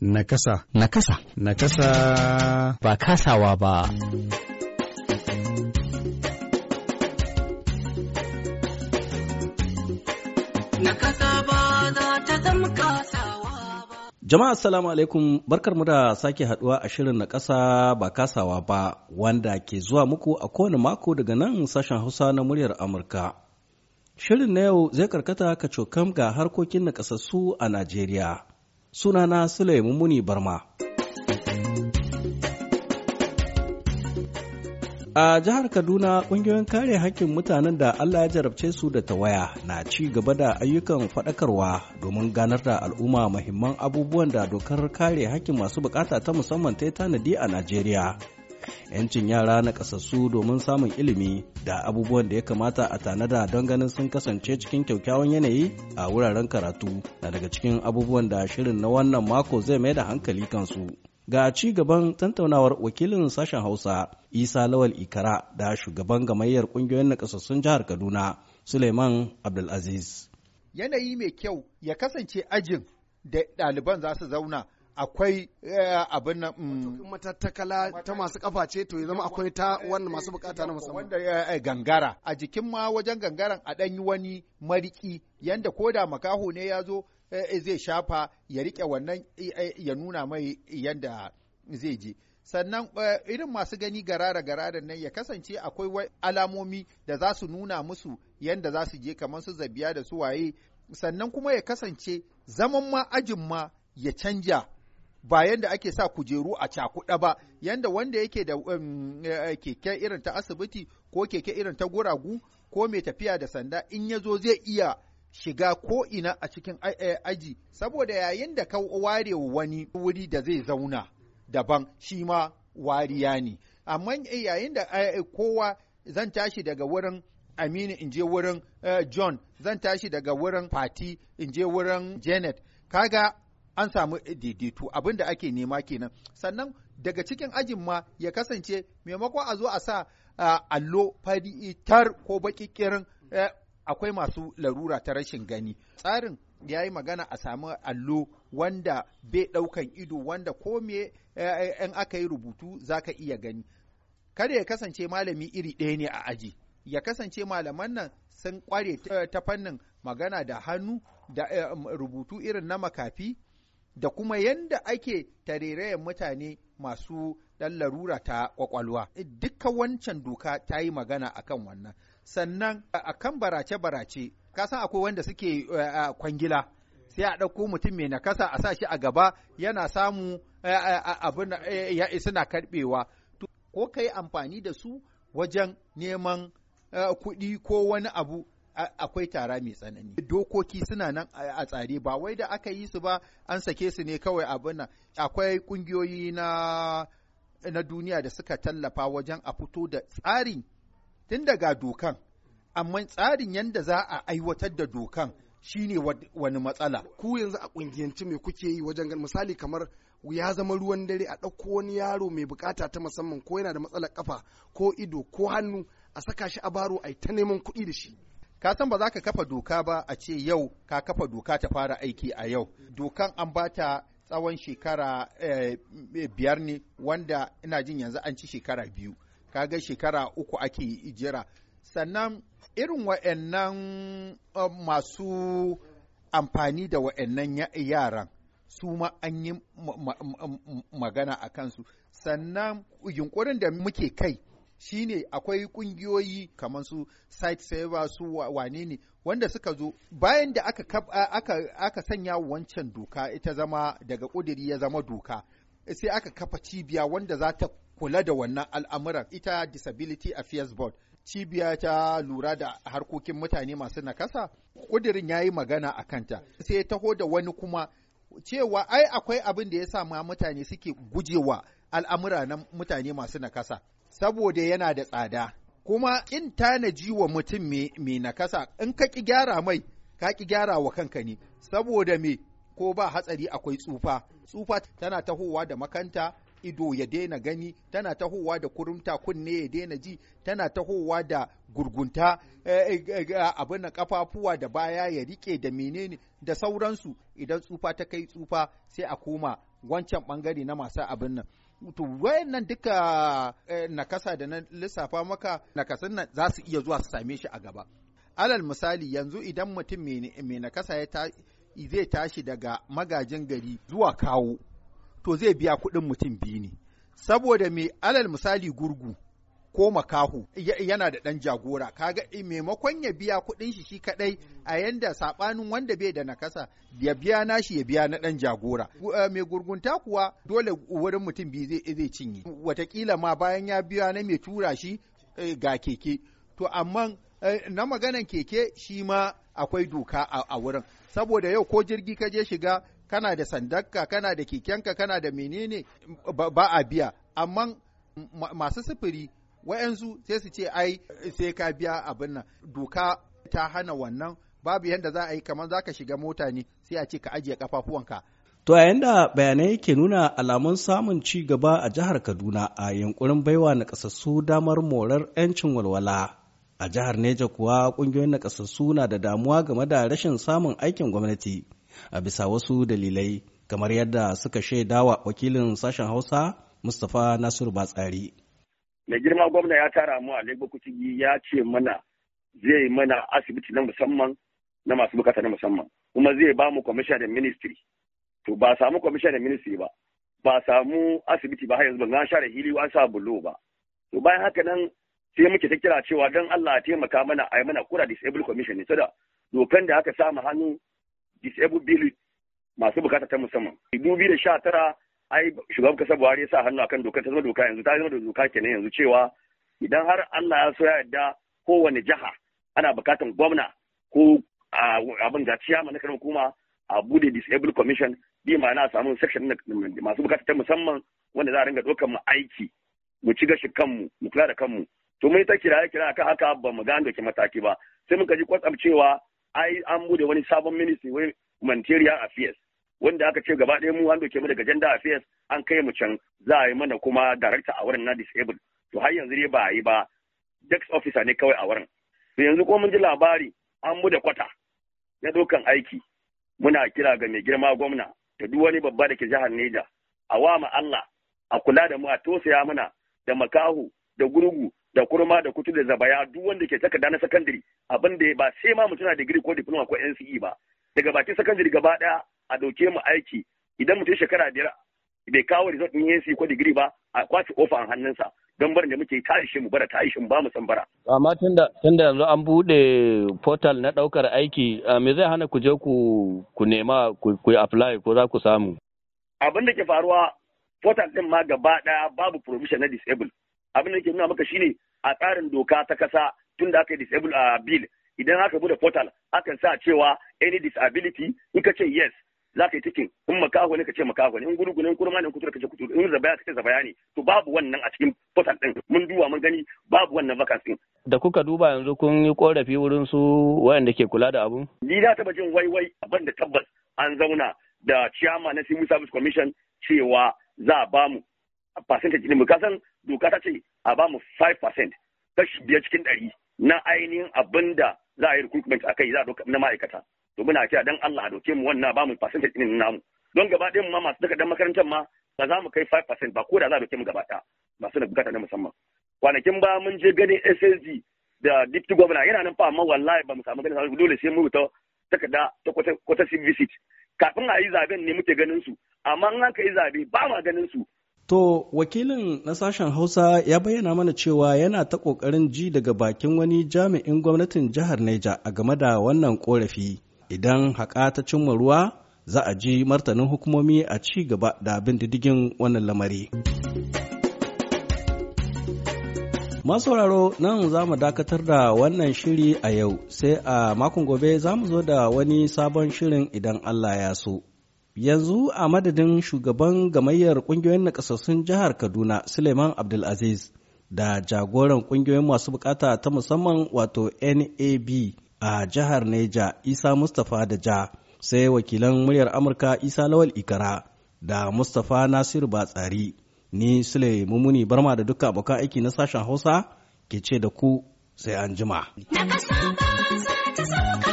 Nakasa. Nakasa. Nakasa. Ba kasawa ba. ba Jama'a assalamu alaikum barkarmu da sake haduwa a shirin na ƙasa ba kasawa ba wanda ke zuwa muku a kowane mako daga nan sashen Hausa na muryar Amurka. Shirin na yau zai karkata ka cokam ga harkokin na a Najeriya. sunana Sulaiman Muni Barma. A jihar Kaduna ƙungiyoyin kare haƙƙin mutanen da Allah ya jarabce su da tawaya na ci gaba da ayyukan faɗakarwa domin ganar da al'umma muhimman abubuwan da dokar kare haƙƙin masu bukata ta musamman ta tanadi a Najeriya. 'yancin yara na kasassu domin samun ilimi da abubuwan da ya kamata a tanada don ganin sun kasance cikin kyaukyawan yanayi a wuraren karatu na daga cikin abubuwan da shirin na wannan mako zai mai da hankali kansu. Ga ci gaban tantaunawar wakilin sashen Hausa Isa Lawal Ikara da shugaban gamayyar ƙungiyoyin nakasassun jihar Kaduna Suleiman Abdulaziz. Yanayi mai kyau ya kasance ajin da ɗaliban za su zauna akwai eh, abin na mm, matattakala ta masu kafa ce to ya zama akwai ta wanda masu bukata na musamman wanda eh, eh, gangara a jikin ma wajen gangaran a ɗan wani mariki yanda da makaho ne ya zo zai shafa ya rike wannan ya nuna mai yanda zai je sannan irin masu gani garara garara nan ya kasance akwai alamomi da za su nuna musu yanda za su je kamar su zabiya da su waye sannan kuma ya kasance zaman ma ajin ma ya canja ba yanda ake sa kujeru a cakuɗa ba yanda wanda yake da um, eh, keke irin ta asibiti ko keke irin ta guragu ko mai tafiya da sanda in ya zo zai iya shiga ko ina a cikin eh, aji saboda yayin da ka ware wani wuri da zai zauna daban shi ma wariya ne amma eh, yayin da kowa zan tashi daga wurin aminu in je wurin john zan tashi daga wurin fati in je wurin janet kaga an samu daidaito abin da ake nema kenan sannan daga cikin ajin ma ya kasance maimakon a zo a sa allo fadi tar ko baki kirin eh, akwai masu larura ta rashin gani tsarin ya yi magana a samu allo wanda bai ɗaukan ido wanda ko me eh, eh, in aka yi rubutu za ka iya gani kada ya kasance malami iri ɗaya ne a aji ya kasance malaman nan sun kware ta fannin magana da hannu da rubutu irin na makafi da kuma yadda ake tarerayen mutane masu ɗan larura ta kwakwalwa. Dukkan wancan doka ta yi magana a kan wannan. Sannan a kan barace-barace, kasan akwai wanda suke eh, kwangila. sai a ɗauko mutum mai nakasa a sa shi a gaba yana samu eh, eh, abin ya suna karɓewa ko ka yi amfani da su wajen neman kuɗi ko wani abu akwai tara mai tsanani dokoki suna nan a tsare ba wai da aka yi su ba an sake su ne kawai abin nan akwai kungiyoyi na na duniya da suka tallafa wajen a fito da tsarin tun daga dokan amma tsarin yadda za a aiwatar da dokan shine wani matsala ku yanzu a kungiyanci mai kuke yi wajen misali kamar ya zama ruwan dare a ɗauko wani yaro mai bukata ta musamman ko yana da matsalar kafa ko ido ko hannu a saka shi a baro a yi ta neman kuɗi da shi ka san ba za ka kafa doka ba a ce yau ka kafa doka ta fara aiki a yau dokan an bata tsawon shekara eh, biyar ne wanda ina jin yanzu an ci shekara biyu Ka ga shekara uku ake jira sannan irin wa'annan eh, masu amfani da wa'annan yaran su ma an yi magana a kansu sannan yunkurin da muke kai shine akwai kungiyoyi kamar su site saver su wane ne wanda suka zo bayan da aka, aka, aka sanya wancan doka ita zama daga ƙudiri ya zama doka sai aka kafa cibiya wanda za ta kula da wannan al'amuran ita disability affairs board cibiya ta lura da harkokin mutane masu nakasa ƙudirin ya yi magana a kanta sai ya taho da wani kuma cewa ai akwai abin da ya sa ma mutane suke gujewa al'amura na mutane masu nakasa saboda yana da tsada kuma in tanaji wa mutum mai nakasa in ka ki gyara mai ka ki gyara wa kanka ne saboda me ko ba hatsari akwai tsufa tsufa tana tahowa da makanta ido ya daina gani tana tahowa da kurumta kunne ya daina ji tana tahowa da gurgunta eh, eh, eh, abin na kafafuwa da baya ya rike da menene da sauransu idan tsufa ta kai tsufa sai a koma wancan bangare na masu abin nan to wayannan duka eh, nakasa da na lissafa maka nakasun nan za su iya zuwa su same shi a gaba alal misali yanzu idan mutum mai nakasa ya zai tashi daga magajin gari zuwa kawo to zai biya kuɗin mutum biyu ne saboda mai alal misali gurgu ko makahu yana da ɗan jagora kaga eh, maimakon ya biya kuɗin shi shi kaɗai a yanda saɓanin wanda bai da nakasa ya biya nashi ya biya na ɗan jagora eh, mai gurgunta kuwa dole wurin mutum biyu zai cinye watakila ma bayan ya biya na mai tura shi eh, ga keke to amma na maganan keke shi ma akwai doka a wurin saboda yau ko jirgi ka je shiga kana da sandarka kana da kekenka kana da menene ba a biya amma masu sufuri wayansu sai su ce ai sai ka biya abin nan doka ta hana wannan babu yadda za a yi kamar za ka shiga mota ne sai a ce ka ajiye kafafuwanka To a yanda bayanai ke nuna alamun samun ci gaba a jihar Kaduna a yankurin baiwa na kasassu damar morar 'yancin walwala. A jihar Neja kuwa kungiyoyin na kasassu na da damuwa game da rashin samun aikin gwamnati a bisa wasu dalilai kamar yadda suka shaidawa wakilin sashen Hausa Mustapha Nasiru Batsari. mai girma gwamna ya tara mu a lagos ya ce mana zai mana asibiti na musamman na masu bukata na musamman kuma zai ba mu da ministry to ba samu da ministry ba ba samu asibiti ba har yanzu ban share hili wasa sa bulo ba to bayan haka nan sai muke ta kira cewa don Allah ya taimaka mana a yi mana kura disabled commission ne saboda dokan da aka samu hannu disabled bill masu bukata ta musamman. 2019 da tara ai shugaban kasa buhari ya sa hannu akan doka ta zama doka yanzu ta zama doka kenan yanzu cewa idan har allah ya so ya yarda kowane jiha ana bukatan gwamna ko abin da mana na hukuma a bude disabled commission bi ma'ana samun section masu bukata ta musamman wanda za a ringa dokan mu aiki mu ci gashi kanmu mu kula da kanmu to mun ta kiraye kira akan haka ba mu an ke mataki ba sai muka ji kwatsam cewa ai an bude wani sabon ministry wai humanitarian affairs wanda aka ce gaba ɗaya mu an doke mu daga gender affairs an kai mu can za a yi mana kuma director a wurin na disabled to har yanzu dai ba a yi ba dex officer ne kawai a wurin to yanzu ko mun ji labari an mu da kwata na dokan aiki muna kira ga mai girma gwamna da duk wani babba da ke jihar Neja a wa ma Allah a kula da mu a tosaya mana da makahu da gurgu da kurma da kutu da zabaya duk wanda ke takarda na sakandare abin da ba sai ma mutuna da digiri ko diploma ko NCE ba daga bakin sakandare gaba daya a dauke mu aiki idan mutum shekara biyar bai kawo result ɗin yesi ko digiri ba a kwace ofa a hannunsa don barin da muke ta ishe mu bara ta ishe mu ba mu san bara. Amma tun da yanzu an buɗe portal na ɗaukar aiki me zai hana ku je ku nema ku apply ko za ku samu. Abin da ke faruwa portal ɗin ma gaba ɗaya babu provision na disable. Abin da ke nuna maka shine a tsarin doka ta kasa tun da aka yi disable a bill idan aka bude portal akan sa cewa any disability in ka ce yes za ka yi tikin in makaho ne ka ce makaho ne in gurgu ne in kurma ne kutura ka ce kutura in zabaya ka ce zabaya ne to babu wannan a cikin potan din mun duba mun gani babu wannan vacancy da kuka duba yanzu kun yi korafi wurin su wayanda ke kula da abun? ni na taba jin wai wai abin da tabbas an zauna da chairman na civil service commission cewa za a ba mu percentage mu kasan doka ta ce a ba mu 5% kashi biyar cikin ɗari na ainihin abin da za a yi recruitment a kai za a na ma'aikata to muna cewa dan Allah a doke mu wannan ba mu percentage din namu don gaba ɗayan ma masu dan makarantar ma ba za mu kai 5% ba ko da za a doke mu gaba ɗaya masu da bukata na musamman kwanakin ba mun je ganin SSG da deputy governor yana nan fa amma wallahi ba mu samu ganin dole sai mu ta takarda ta kwata visit kafin a yi zaben ne muke ganin su amma in aka yi zabe ba ma ganin su To wakilin na sashen Hausa ya bayyana mana cewa yana ta ƙoƙarin ji daga bakin wani jami'in gwamnatin jihar Neja a game da wannan ƙorafi. idan haƙa ta cimma ruwa za a ji martanin hukumomi a ci gaba da bin diddigin wannan lamari. Masu sauraro nan za mu dakatar da wannan shiri a yau sai a makon gobe za mu zo da wani sabon shirin idan Allah ya so. Yanzu a madadin shugaban gamayyar ƙungiyoyin nakasassun jihar Kaduna Suleiman Abdulaziz da jagoran ƙungiyoyin masu bukata ta musamman wato NAB. a jihar Neja Isa Mustapha da ja sai wakilan muryar Amurka Isa Lawal Ikara da Mustapha Nasiru Batsari ni Sule Mumuni Barma da duka abokan aiki na sashen Hausa ke ce da ku sai an jima. Na ba ta sauka.